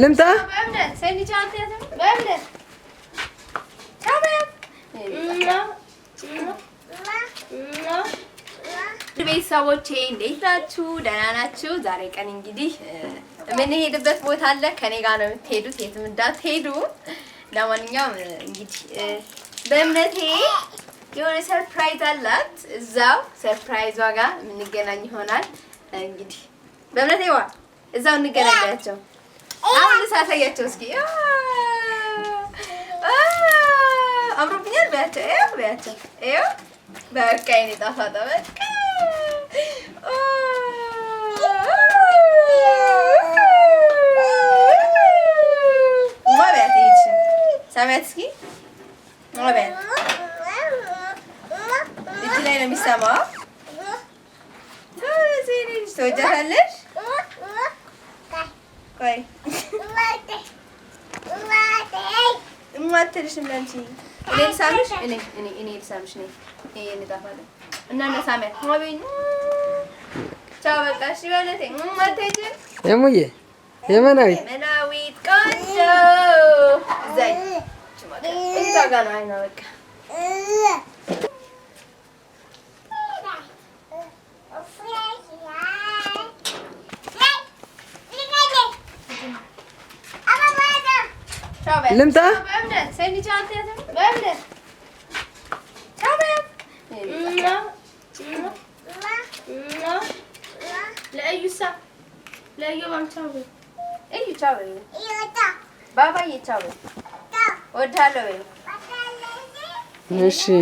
ልምጣ ቤተሰቦቼ እንዴት ናችሁ? ደህና ናችሁ? ዛሬ ቀን እንግዲህ የምንሄድበት ቦታ አለ። ከኔ ጋር ነው የምትሄዱት፣ የትም እንዳትሄዱ። ለማንኛውም እንግዲህ በእምነቴ የሆነ ሰርፕራይዝ አላት። እዛው ሰርፕራይዟ ጋር የምንገናኝ ይሆናል። እንግዲህ በእምነቴ ዋ እዛው እንገናኛቸው። አሁን ሳሳያቸው እስኪ አምሮብኛል። በያቸው በያቸው በቃ የኔ ጣፋጣ በቃ ሰማያት እስኪ እጅ ላይ ነው የሚሰማው። ተወጃታለሽ ቆይ እማትልሽም ለአንቺ እኔ ልሳምሽ እኔ እኔ እኔ ልሳምሽ ነኝ ይሄ እንጣፋለን እና ቻው በቃ እሺ በእውነቴ እማትሄጂ የሙዬ መናዊት ቆንጆ አይና በቃ ልምጣ እሺ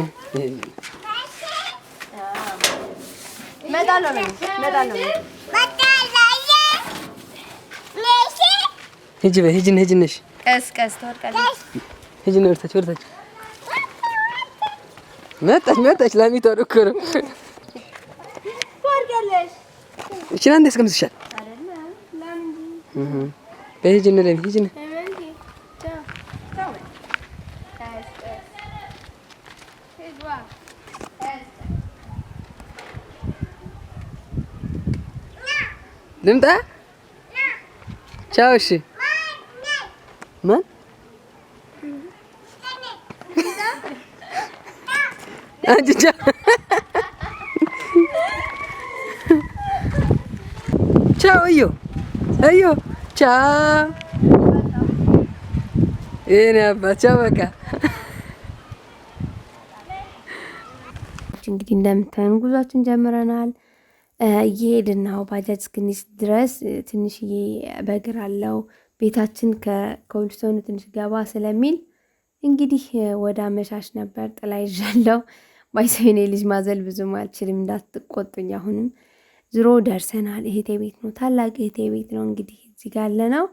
ሂጂ በይ ሂጂ ነሽ Kes kes dur kes. Hecin orta çorta. Metaş metaş lan bir toru kurum. Var geliş. İçinden de sıkıntı şer. Hı hı. Ve hecin nereye hecin? Değil mi de? Çavuşu. ምን አንቺ ቻው እዩ እዩ ቻው የእኔ አባት ቻው በቃ እንግዲህ እንደምታዩን ጉዟችን ጀምረናል። እየሄድን ነው። ባጃጅ እስክንይዝ ድረስ ትንሽዬ በእግር አለው ቤታችን ከኮብልስቶኑ ትንሽ ገባ ስለሚል እንግዲህ ወደ አመሻሽ ነበር ጥላ ይዣለው። ባይሰኔ ልጅ ማዘል ብዙም አልችልም፣ እንዳትቆጡኝ። አሁንም ዝሮ ደርሰናል። እህቴ ቤት ነው፣ ታላቅ እህቴ ቤት ነው። እንግዲህ እዚህ ጋር ያለ ነው።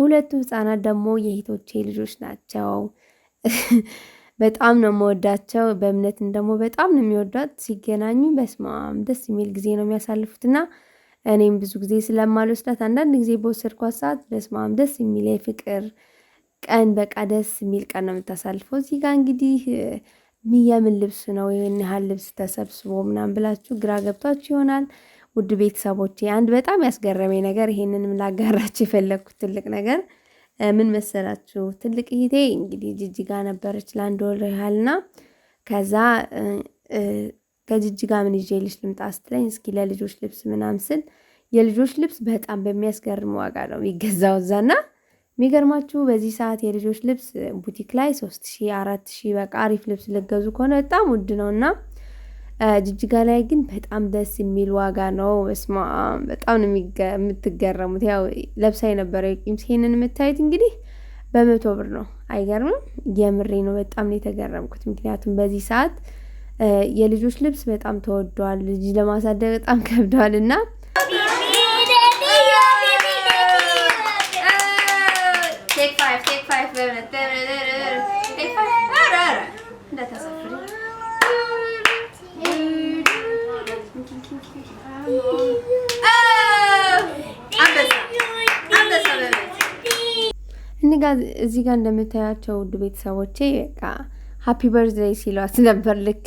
ሁለቱ ህፃናት ደግሞ የእህቶቼ ልጆች ናቸው። በጣም ነው የምወዳቸው። በእምነትን ደግሞ በጣም ነው የሚወዷት። ሲገናኙ በስማም ደስ የሚል ጊዜ ነው የሚያሳልፉትና እኔም ብዙ ጊዜ ስለማልወስዳት አንዳንድ ጊዜ በወሰድኳት ሰዓት በስማም ደስ የሚል የፍቅር ቀን በቃ ደስ የሚል ቀን ነው የምታሳልፈው። እዚህ ጋር እንግዲህ የምን ልብስ ነው ይህን ያህል ልብስ ተሰብስቦ ምናምን ብላችሁ ግራ ገብቷችሁ ይሆናል። ውድ ቤተሰቦች አንድ በጣም ያስገረመኝ ነገር ይሄንንም ላጋራችሁ የፈለግኩት ትልቅ ነገር ምን መሰላችሁ? ትልቅ እህቴ እንግዲህ ጅጅጋ ነበረች ለአንድ ወር ያህልና ከዛ ከጅጅጋ ምን ይዤልሽ ልምጣ ስትለኝ እስኪ ለልጆች ልብስ ምናምን ስል የልጆች ልብስ በጣም በሚያስገርም ዋጋ ነው የሚገዛው እዛና የሚገርማችሁ በዚህ ሰዓት የልጆች ልብስ ቡቲክ ላይ ሶስት ሺ አራት ሺ በቃ አሪፍ ልብስ ልገዙ ከሆነ በጣም ውድ ነው እና ጅጅጋ ላይ ግን በጣም ደስ የሚል ዋጋ ነው። እስማ በጣም ነው የምትገረሙት። ያው ለብሳ የነበረው የቂም ይሄንን የምታዩት እንግዲህ በመቶ ብር ነው። አይገርምም? የምሬ ነው። በጣም ነው የተገረምኩት። ምክንያቱም በዚህ ሰዓት የልጆች ልብስ በጣም ተወዷል። ልጅ ለማሳደግ በጣም ከብደዋል እና እዚህ ጋር እንደምታያቸው ውድ ቤተሰቦቼ በቃ ሀፒ በርዝደይ ሲሏት ነበር። ልክ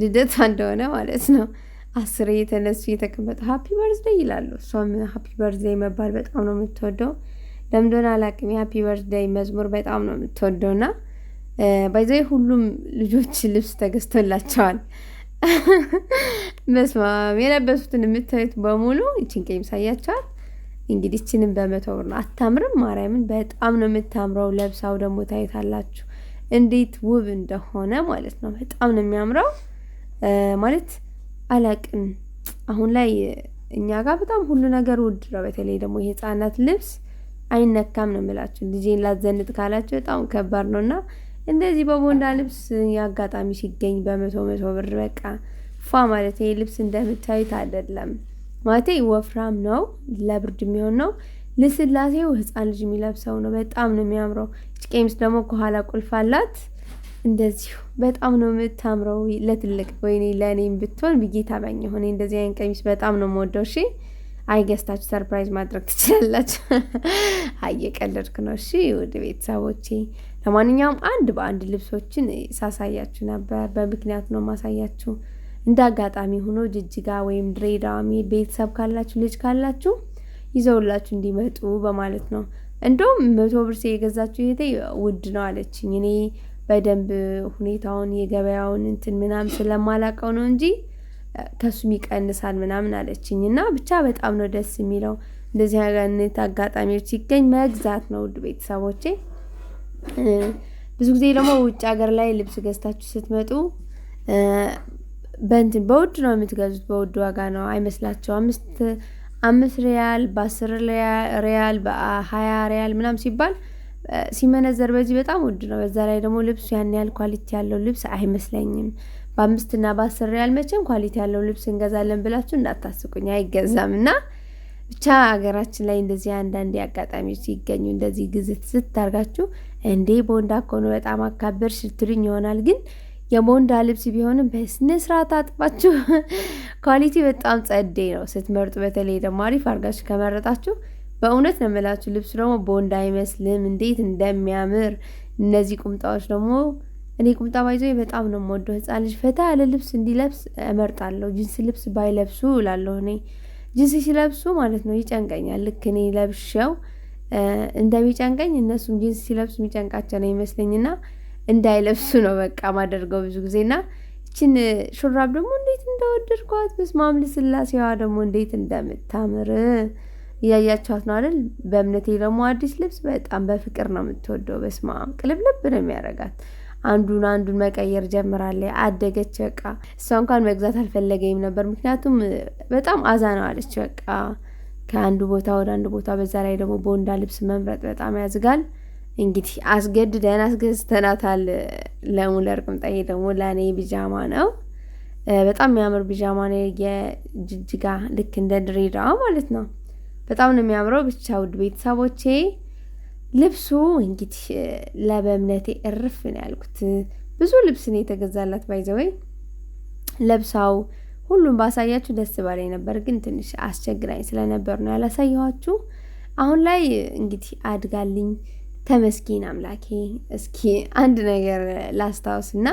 ልደቷ እንደሆነ ማለት ነው። አስር የተነሱ የተቀመጠ ሀፒ በርዝደይ ይላሉ። እሷም ሀፒ በርዝደይ መባል በጣም ነው የምትወደው። ለምንደሆነ አላቅም። የሀፒ በርዝደይ መዝሙር በጣም ነው የምትወደው እና ባይዘ ሁሉም ልጆች ልብስ ተገዝቶላቸዋል። መስማም የለበሱትን የምታዩት በሙሉ ይችን ቀይም ሳያቸዋል። እንግዲህ ይችንም በመቶ ብር ነው። አታምርም? ማርያምን በጣም ነው የምታምረው። ለብሳው ደግሞ ታየታላችሁ። እንዴት ውብ እንደሆነ ማለት ነው። በጣም ነው የሚያምረው ማለት አላቅም። አሁን ላይ እኛ ጋር በጣም ሁሉ ነገር ውድ ነው። በተለይ ደግሞ የህፃናት ልብስ አይነካም ነው የምላችሁ። ልጄን ላዘንጥ ካላችሁ በጣም ከባድ ነው እና እንደዚህ በቦንዳ ልብስ የአጋጣሚ ሲገኝ በመቶ መቶ ብር በቃ ፏ ማለት ይሄ ልብስ እንደምታዩት አይደለም ማለት ወፍራም ነው፣ ለብርድ የሚሆን ነው። ልስላሴው ህፃን ልጅ የሚለብሰው ነው። በጣም ነው የሚያምረው። ጭቄምስ ደግሞ ከኋላ ቁልፍ አላት። እንደዚሁ በጣም ነው የምታምረው። ለትልቅ ወይኔ ለእኔም ብትሆን ብዬ ታበኝ ሆነ። እንደዚህ አይነት ቀሚስ በጣም ነው የምወደው። እሺ አይገስታችሁ ሰርፕራይዝ ማድረግ ትችላላችሁ። አየቀለድኩ ነው። እሺ ውድ ቤተሰቦቼ፣ ለማንኛውም አንድ በአንድ ልብሶችን ሳሳያችሁ ነበር። በምክንያት ነው ማሳያችሁ። እንደ አጋጣሚ ሆኖ ጅጅጋ ወይም ድሬዳዋ ቤተሰብ ካላችሁ ልጅ ካላችሁ ይዘውላችሁ እንዲመጡ በማለት ነው። እንደውም መቶ ብር የገዛችሁ እህቴ ውድ ነው አለችኝ። እኔ በደንብ ሁኔታውን የገበያውን እንትን ምናምን ስለማላቀው ነው እንጂ ከሱም ይቀንሳል ምናምን አለችኝ። እና ብቻ በጣም ነው ደስ የሚለው እንደዚህ አይነት አጋጣሚዎች ሲገኝ መግዛት ነው። ውድ ቤተሰቦቼ ብዙ ጊዜ ደግሞ ውጭ ሀገር ላይ ልብስ ገዝታችሁ ስትመጡ በእንትን በውድ ነው የምትገዙት፣ በውድ ዋጋ ነው አይመስላቸው አምስት አምስት ሪያል በአስር ሪያል በሀያ ሪያል ምናም ሲባል ሲመነዘር በዚህ በጣም ውድ ነው። በዛ ላይ ደግሞ ልብሱ ያን ያህል ኳሊቲ ያለው ልብስ አይመስለኝም። በአምስትና በአስር ሪያል መቼም ኳሊቲ ያለው ልብስ እንገዛለን ብላችሁ እንዳታስቁኝ፣ አይገዛም እና ብቻ ሀገራችን ላይ እንደዚህ አንዳንዴ አጋጣሚዎች ሲገኙ እንደዚህ ግዝት ስታርጋችሁ እንዴ ቦንዳ እኮ ነው በጣም አካበር ሽትሉኝ ይሆናል ግን የቦንዳ ልብስ ቢሆንም በስነ ስርዓት አጥባችሁ ኳሊቲ በጣም ጸዴ ነው ስትመርጡ። በተለይ ደግሞ አሪፍ አርጋችሁ ከመረጣችሁ በእውነት ነው የምላችሁ። ልብሱ ደግሞ ቦንዳ አይመስልም፣ እንዴት እንደሚያምር እነዚህ ቁምጣዎች ደግሞ እኔ ቁምጣ ባይዞ በጣም ነው የምወደው። ህፃን ልጅ ፈታ ያለ ልብስ እንዲለብስ እመርጣለሁ። ጅንስ ልብስ ባይለብሱ እላለሁ እኔ። ጅንስ ሲለብሱ ማለት ነው ይጨንቀኛል። ልክ እኔ ለብሸው እንደሚጨንቀኝ እነሱም ጅንስ ሲለብሱ የሚጨንቃቸው ነው ይመስለኝና እንዳይለብሱ ነው በቃ ማደርገው ብዙ ጊዜና ይችን ሹራብ ደግሞ እንዴት እንደወደድኳት በስመ አብ ስላሴዋ ደግሞ እንዴት እንደምታምር እያያቸዋት ነው አይደል? በእምነቴ ደግሞ አዲስ ልብስ በጣም በፍቅር ነው የምትወደው። በስመ አብ ቅልብልብ ነው የሚያደርጋት። አንዱን አንዱን መቀየር ጀምራለች። አደገች በቃ። እሷ እንኳን መግዛት አልፈለገኝም ነበር፣ ምክንያቱም በጣም አዛ ነው አለች። በቃ ከአንዱ ቦታ ወደ አንዱ ቦታ፣ በዛ ላይ ደግሞ በወንዳ ልብስ መምረጥ በጣም ያዝጋል። እንግዲህ አስገድደን አስገዝተናታል። ለሙለር ቅምጣዬ ደግሞ ለእኔ ቢጃማ ነው። በጣም የሚያምር ቢጃማ ነው። የጅጅጋ ልክ እንደ ድሬዳዋ ማለት ነው። በጣም ነው የሚያምረው። ብቻ ውድ ቤተሰቦቼ ልብሱ እንግዲህ ለበእምነቴ እርፍ ነው ያልኩት። ብዙ ልብስ ነው የተገዛላት። ባይዘወይ ለብሳው ሁሉም ባሳያችሁ ደስ ባለኝ ነበር፣ ግን ትንሽ አስቸግራኝ ስለነበር ነው ያላሳየኋችሁ። አሁን ላይ እንግዲህ አድጋልኝ ተመስገን አምላኬ። እስኪ አንድ ነገር ላስታውስ እና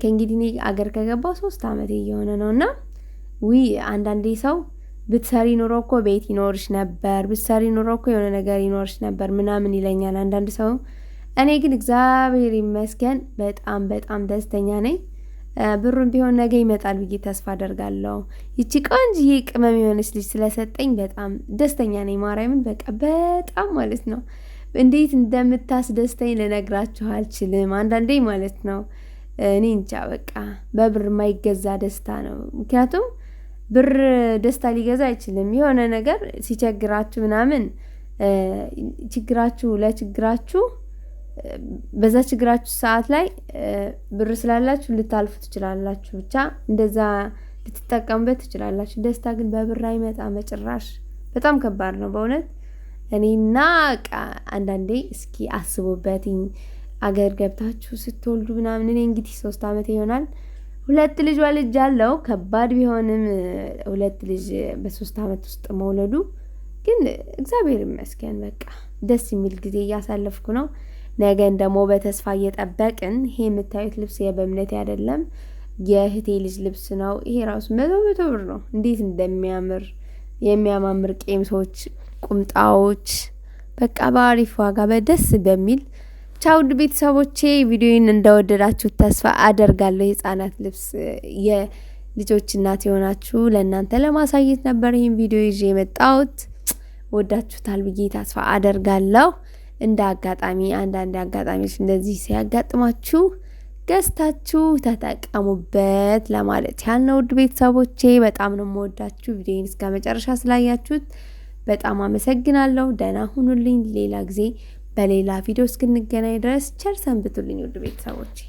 ከእንግዲህ እኔ አገር ከገባው ሶስት ዓመት እየሆነ ነው እና ውይ አንዳንዴ ሰው ብትሰሪ ኑሮ እኮ ቤት ይኖርሽ ነበር፣ ብትሰሪ ኑሮ እኮ የሆነ ነገር ይኖርሽ ነበር ምናምን ይለኛል አንዳንድ ሰው። እኔ ግን እግዚአብሔር ይመስገን በጣም በጣም ደስተኛ ነኝ። ብሩን ቢሆን ነገ ይመጣል ብዬ ተስፋ አደርጋለሁ። ይቺ ቆንጅዬ ቅመም የሆነች ልጅ ስለሰጠኝ በጣም ደስተኛ ነኝ። ማርያምን በቃ በጣም ማለት ነው እንዴት እንደምታስደስተኝ ልነግራችሁ አልችልም። አንዳንዴ ማለት ነው እኔ እንጃ በቃ በብር የማይገዛ ደስታ ነው። ምክንያቱም ብር ደስታ ሊገዛ አይችልም። የሆነ ነገር ሲቸግራችሁ ምናምን ችግራችሁ ለችግራችሁ በዛ ችግራችሁ ሰዓት ላይ ብር ስላላችሁ ልታልፉ ትችላላችሁ። ብቻ እንደዛ ልትጠቀሙበት ትችላላችሁ። ደስታ ግን በብር አይመጣ መጭራሽ በጣም ከባድ ነው በእውነት እኔና አንዳንዴ እስኪ አስቡበትኝ አገር ገብታችሁ ስትወልዱ ምናምን እኔ እንግዲህ ሶስት ዓመት ይሆናል ሁለት ልጅ ወልጅ አለው። ከባድ ቢሆንም ሁለት ልጅ በሶስት ዓመት ውስጥ መውለዱ ግን እግዚአብሔር ይመስገን በቃ ደስ የሚል ጊዜ እያሳለፍኩ ነው። ነገን ደግሞ በተስፋ እየጠበቅን ይሄ የምታዩት ልብስ የበእምነት አይደለም የእህቴ ልጅ ልብስ ነው። ይሄ ራሱ መቶ መቶ ብር ነው። እንዴት እንደሚያምር የሚያማምር ቄሚሶች፣ ቁምጣዎች በቃ በአሪፍ ዋጋ በደስ በሚል ውድ ቤተሰቦቼ ቪዲዮን እንደወደዳችሁ ተስፋ አደርጋለሁ። የህፃናት ልብስ የልጆች እናት የሆናችሁ ለእናንተ ለማሳየት ነበር ይህን ቪዲዮ ይዤ የመጣሁት። ወዳችሁታል ብዬ ተስፋ አደርጋለሁ። እንደ አጋጣሚ አንዳንድ አጋጣሚዎች እንደዚህ ሲያጋጥማችሁ ገዝታችሁ ተጠቀሙበት ለማለት ያህል ነው። ውድ ቤተሰቦቼ በጣም ነው የምወዳችሁ። ቪዲዮን እስከ መጨረሻ ስላያችሁት በጣም አመሰግናለሁ። ደህና ሁኑልኝ። ሌላ ጊዜ በሌላ ቪዲዮ እስክንገናኝ ድረስ ቸር ሰንብቱልኝ ውድ ቤተሰቦቼ።